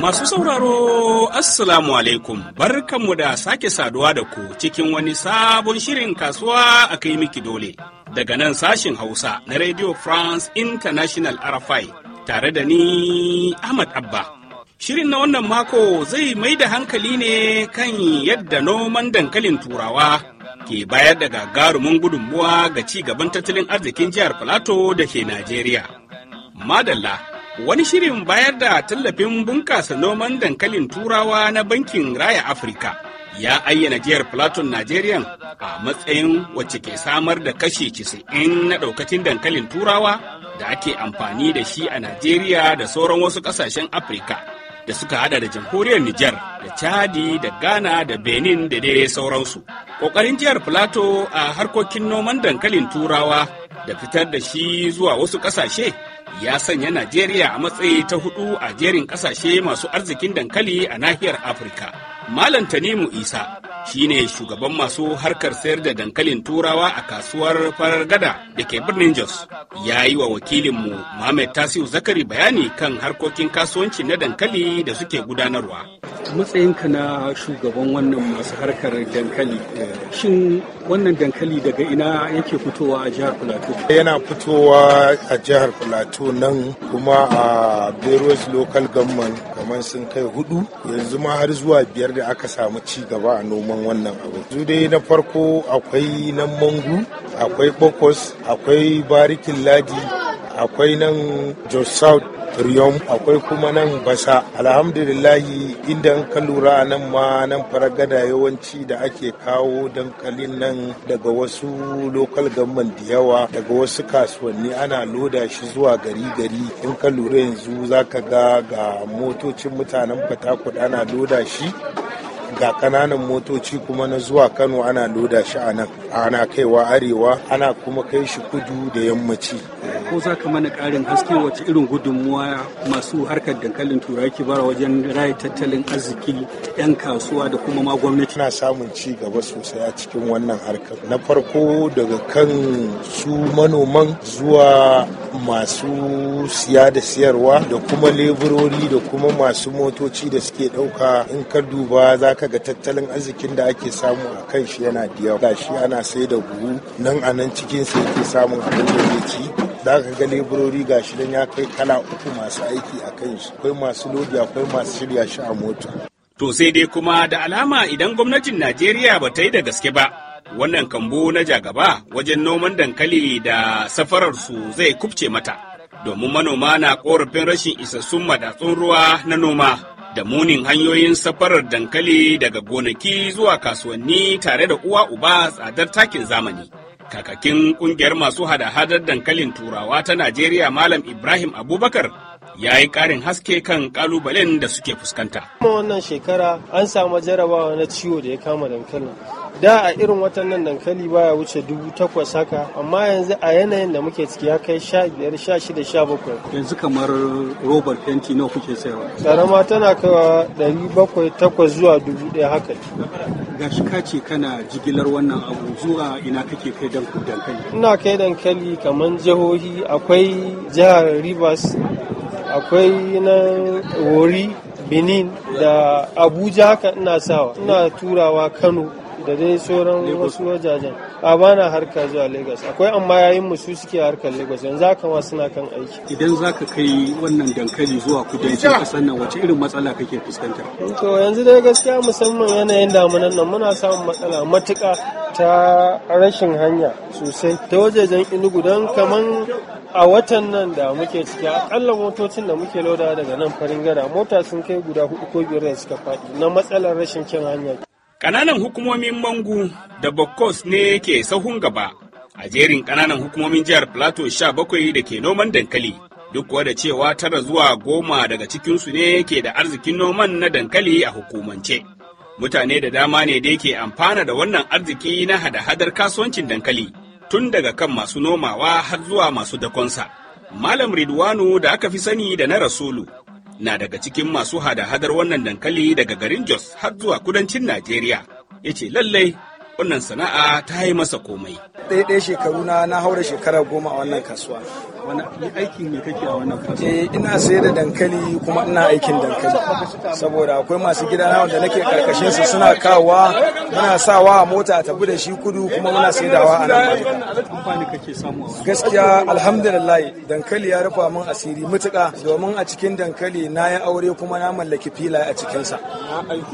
Masu sauraro, Assalamu alaikum, barkanmu da sake saduwa da ku cikin wani sabon shirin kasuwa a kai miki dole. Daga nan sashin Hausa na Radio France International RFI tare da ni Ahmad Abba. Shirin na wannan mako zai mai da hankali ne kan yadda noman dankalin turawa ke bayar da gagarumin gudunmuwa ga ci gaban tattalin arzikin jihar Plateau da ke Najeriya. Madalla, wani shirin bayar da tallafin bunƙasa noman dankalin turawa na bankin Raya Afirka ya ayyana jihar Platon Najeriya a matsayin wacce ke samar da kashi 90 na ɗaukacin dankalin turawa da ake amfani da shi a Najeriya da sauran wasu ƙasashen Afirka da suka hada da jamhuriyar Nijar da Chadi da Ghana da Benin da dai sauransu. Ƙoƙarin jihar Plateau a harkokin noman dankalin turawa da fitar da shi zuwa wasu ƙasashe ya sanya Najeriya a matsayi ta hudu a jerin kasashe masu arzikin dankali a nahiyar Afirka. Malam Tanimu Isa Shi ne shugaban masu harkar sayar da dankalin turawa a kasuwar farar gada da ke birnin Jos. Ya yi wa wakilinmu Mohamed Tasiu Zakari bayani kan harkokin kasuwanci na dankali da suke gudanarwa. matsayinka na shugaban wannan masu harkar dankali eh, shin wannan dankali daga ina yake fitowa a jihar plateau yana fitowa a jihar plateau nan kuma a beros local government kamar sun kai hudu yanzu ma har zuwa biyar da aka samu ci gaba a noman wannan abu su dai na farko akwai nan mangu akwai bokos akwai barikin ladi akwai nan jos south Riyom akwai kuma nan Basa. Alhamdulillahi idan ka lura nan ma nan faragada yawanci da ake kawo dankalin nan daga wasu lokal gamman da yawa daga wasu kasuwanni ana loda shi zuwa gari gari in ka lura yanzu zaka ga ga motocin mutanen Fatakud ana loda shi ga kananan motoci kuma na zuwa kano ana loda shi a nan ana kaiwa arewa ana kuma kai shi kudu da yammaci ko za ka mana ƙarin haske wace irin gudunmuwa masu harkar dankalin turai ke bara wajen raya tattalin arziki 'yan kasuwa da kuma ma gwamnati. Na samun ci gaba sosai a cikin wannan harkar. Na farko daga kan su manoman zuwa masu siya da siyarwa da kuma leburori da kuma masu motoci da suke ɗauka in ka duba za ka ga tattalin arzikin da ake samu a kan shi yana diyawa. yawa. Gashi ana sai da buhu nan a nan cikin sai ke samun abin da ke ci za ka ga leburori ga shi ya kai kala uku masu aiki a kan shi akwai masu lodi akwai masu shirya shi a mota. To sai dai kuma da alama idan gwamnatin Najeriya ba ta yi da gaske ba wannan kambo na jagaba wajen noman dankali da safararsu zai kubce mata. Domin manoma na korafin rashin isassun madatsun ruwa na noma. da munin hanyoyin safarar dankali daga gonaki zuwa kasuwanni tare da uwa uba tsadar takin zamani. Kakakin kungiyar masu hada-hadar dankalin turawa ta Najeriya Malam Ibrahim Abubakar ya yi ƙarin haske kan ƙalubalen da suke fuskanta. Kuma wannan shekara an samu jarabawa na ciwo da ya kama dankalin. Da a irin watan nan dankali baya wuce dubu takwas haka, amma yanzu a yanayin da muke ciki ya kai sha biyar, sha shida, sha bakwai. Yanzu kamar robar fenti nawa kuke sayarwa? Karama tana kaiwa ɗari bakwai takwas zuwa dubu ɗaya haka. gashi ka ce kana jigilar wannan abu zuwa ina kake kai dankali ina kai dankali kamar jihohi akwai jihar rivers akwai na wori benin da abuja haka ina sawa ina turawa kano da dai sauran wasu wajajen a bana harka zuwa lagos akwai amma yayin mu su suke harkar lagos yanzu haka ma suna kan aiki idan za ka kai wannan dankali zuwa kudancin kasar nan wace irin matsala kake fuskanta to yanzu dai gaskiya musamman yanayin damunan nan muna samun matsala matuka ta rashin hanya sosai ta wajajen inugu don kaman a watan nan da muke ciki akalla motocin da muke lauda daga nan farin gada mota sun kai guda hudu ko biyar da suka faɗi na matsalar rashin kyan hanya Ƙananan hukumomin Mangu da Bokos ne ke sahun gaba a jerin ƙananan hukumomin jihar plato sha bakwai da ke noman dankali. Duk kuwa da cewa tara zuwa goma daga cikinsu ne ke da arzikin noman na dankali a hukumance. Mutane da dama ne da ke amfana da wannan arziki na hada-hadar kasuwancin dankali tun daga kan masu nomawa har zuwa masu dakonsa. Malam Ridwanu da aka fi sani da na Rasulu na daga cikin masu hada-hadar wannan dankali daga garin Jos har zuwa kudancin Najeriya. Ya ce lallai wannan sana'a ta yi masa komai. ɗaya shekaru na na haura shekara goma a wannan kasuwa. wani aikin ne kake a wannan kasuwa eh ina sayar da dankali kuma ina aikin dankali saboda akwai masu gida na wanda nake karkashin su suna kawa muna sawa a mota ta da shi kudu kuma muna saidawa a nan amfani kake samu gaskiya alhamdulillah dankali ya rufa min asiri mutuka domin a cikin dankali na yi aure kuma na mallaki fila a cikinsa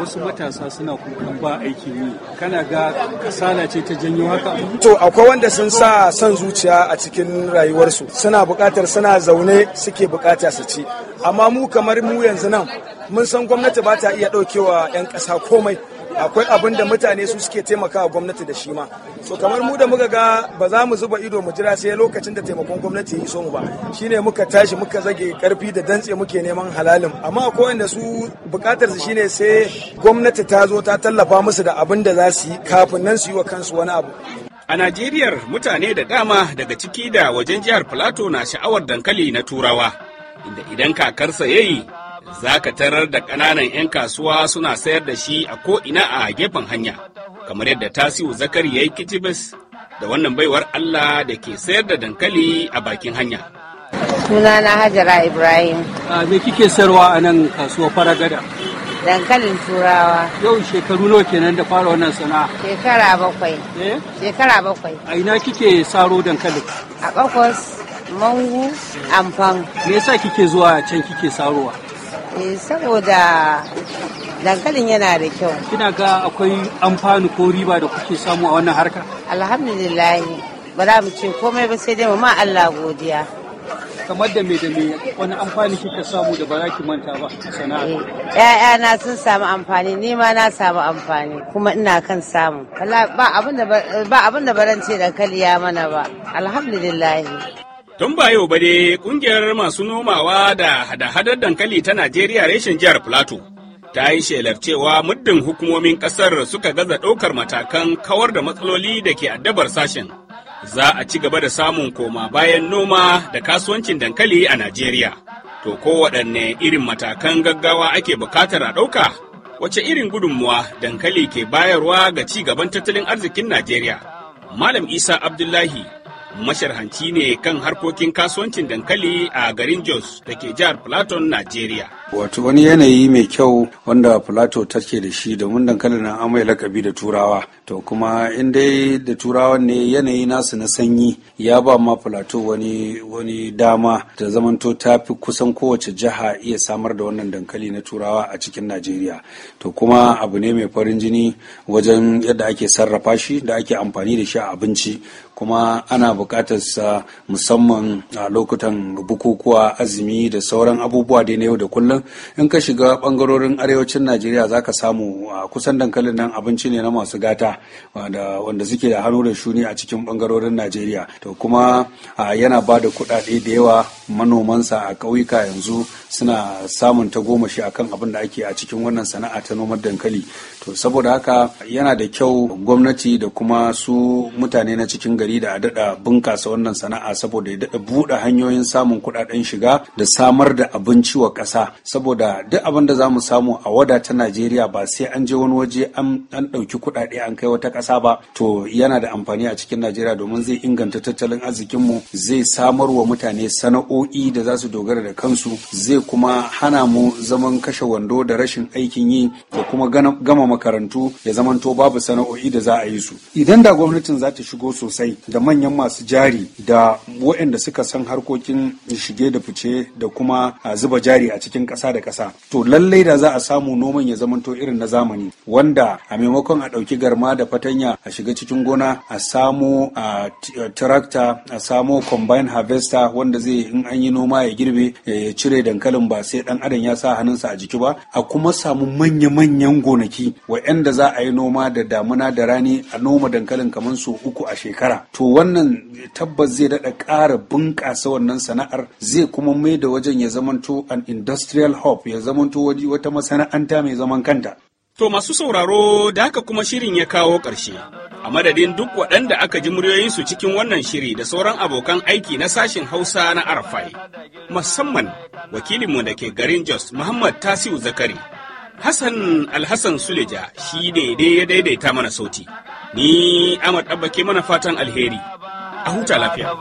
wasu matasa suna kukan ba aikin yi kana ga kasala ce ta janyo haka to akwai wanda sun sa son zuciya a cikin rayuwarsu suna bukatar suna zaune suke bukata su ci amma mu kamar mu yanzu nan mun san gwamnati ba ta iya ɗaukewa 'yan kasa komai akwai abin da mutane su suke taimakawa gwamnati da shi ma so kamar mu da muka ga ba za mu zuba ido mu jira sai lokacin da taimakon gwamnati ya iso mu ba shine muka tashi muka zage karfi da dantse muke neman halalin amma akwai wanda su bukatar su shine sai gwamnati ta zo ta tallafa musu da abin da za su yi kafin nan su yi wa kansu wani abu A Najeriya, mutane da dama daga ciki da wajen jihar Filato na sha'awar dankali na Turawa, inda idan kakarsa ya yi, za ka tarar da ƙananan 'yan kasuwa suna sayar da shi a ko'ina a gefen hanya, kamar yadda Tasiu Zakari ya yi kitibis da wannan baiwar Allah da ke sayar da dankali a bakin hanya. Sunana Hajara Ibrahim. Ah, me kike sayarwa a nan kasuwar gada? dankalin turawa yau shekaru nawa kenan da fara wannan sana'a shekara bakwai eh? shekara bakwai a ina kike saro dankalin a bakwas mangu amfan me yasa kike zuwa can kike sarowa eh saboda dankalin yana da kyau kina ga akwai amfani ko riba da kuke samu a wannan harka alhamdulillah ba za mu ce komai ba sai dai ma Allah godiya kamar da me da me wani amfani kika samu da ba za ki manta ba a sana'a na sun samu amfani ni ma na samu amfani kuma ina kan samu ba abin da da kaliya mana ba alhamdulillah Tun ba yau ba ƙungiyar kungiyar masu nomawa da hada-hadar dankali ta Najeriya reshen jihar Filato, ta yi shelar cewa muddin hukumomin ƙasar suka gaza ɗaukar matakan kawar da matsaloli da ke addabar sashen. za a ci gaba da samun koma bayan noma da kasuwancin dankali a Najeriya. To kowaɗanne irin matakan gaggawa ake bukatar a ɗauka? Wace irin gudunmuwa dankali ke bayarwa ga ci gaban tattalin arzikin Najeriya? Malam Isa Abdullahi masharhanci ne kan harkokin kasuwancin dankali a garin Jos da ke jihar Platon, Najeriya. wato wani yanayi mai kyau wanda plato take da shi domin dankalin nan amai lakabi da turawa to kuma in dai da turawan ne yanayi nasu na sanyi ya ba ma plato wani wani dama da zamanto ta fi kusan kowace jiha iya samar da wannan dankali na turawa a cikin najeriya to kuma abu ne mai farin jini wajen yadda ake sarrafa shi da ake amfani da shi a abinci kuma ana buƙatar sa musamman a lokutan bukukuwa azumi da sauran abubuwa dai na yau da kullum nan in ka shiga bangarorin arewacin najeriya za ka samu kusan dankalin nan abinci ne na masu gata wanda suke da hannu da shuni a cikin bangarorin najeriya to kuma yana ba da kuɗaɗe da yawa manomansa a ƙauyuka yanzu suna samun ta tagomashi akan abin da ake a cikin wannan sana'a ta noman dankali to saboda haka yana da kyau gwamnati da kuma su mutane na cikin gari da a daɗa bunƙasa wannan sana'a saboda ya daɗa buɗe hanyoyin samun kuɗaɗen shiga da samar da abinci wa ƙasa saboda duk abin da za mu samu a wada ta najeriya ba sai an je wani waje an ɗauki kuɗaɗe an kai wata ƙasa ba to yana da amfani a cikin najeriya domin zai inganta tattalin arzikinmu zai samar wa mutane sana'o'i da za su dogara da kansu zai kuma hana mu zaman kashe wando da rashin aikin yi da kuma gama makarantu ya zamanto babu sana'o'i da za a yi su idan da gwamnatin za ta shigo sosai da manyan masu jari da waɗanda suka san harkokin shige da fice da kuma zuba jari a cikin ƙasa kasa da ƙasa to lallai da za a samu noman ya zamanto irin na zamani wanda a maimakon a ɗauki garma da fatanya a shiga cikin gona a samo a tractor a samo combine harvester wanda zai in an yi noma ya girbe ya cire dankalin ba sai dan adam ya sa hannunsa a jiki ba a kuma samu manya-manyan gonaki waɗanda za a yi noma da damuna da rani a noma dankalin kamar su uku a shekara to wannan tabbas zai daɗa ƙara bunƙasa wannan sana'ar zai kuma mai da wajen ya zamanto an industrial Royal Hope ya zamanto waje wata masana'anta mai zaman kanta. To masu sauraro da haka kuma shirin ya kawo ƙarshe. A madadin duk waɗanda aka ji muryoyinsu cikin wannan shiri da sauran abokan aiki na sashin Hausa na Arafai, musamman wakilinmu da ke garin Jos Muhammad Tasiu Zakari. Hassan Alhassan Suleja shi ne ya daidaita mana sauti. Ni Ahmad Abba ke mana fatan alheri. A huta lafiya.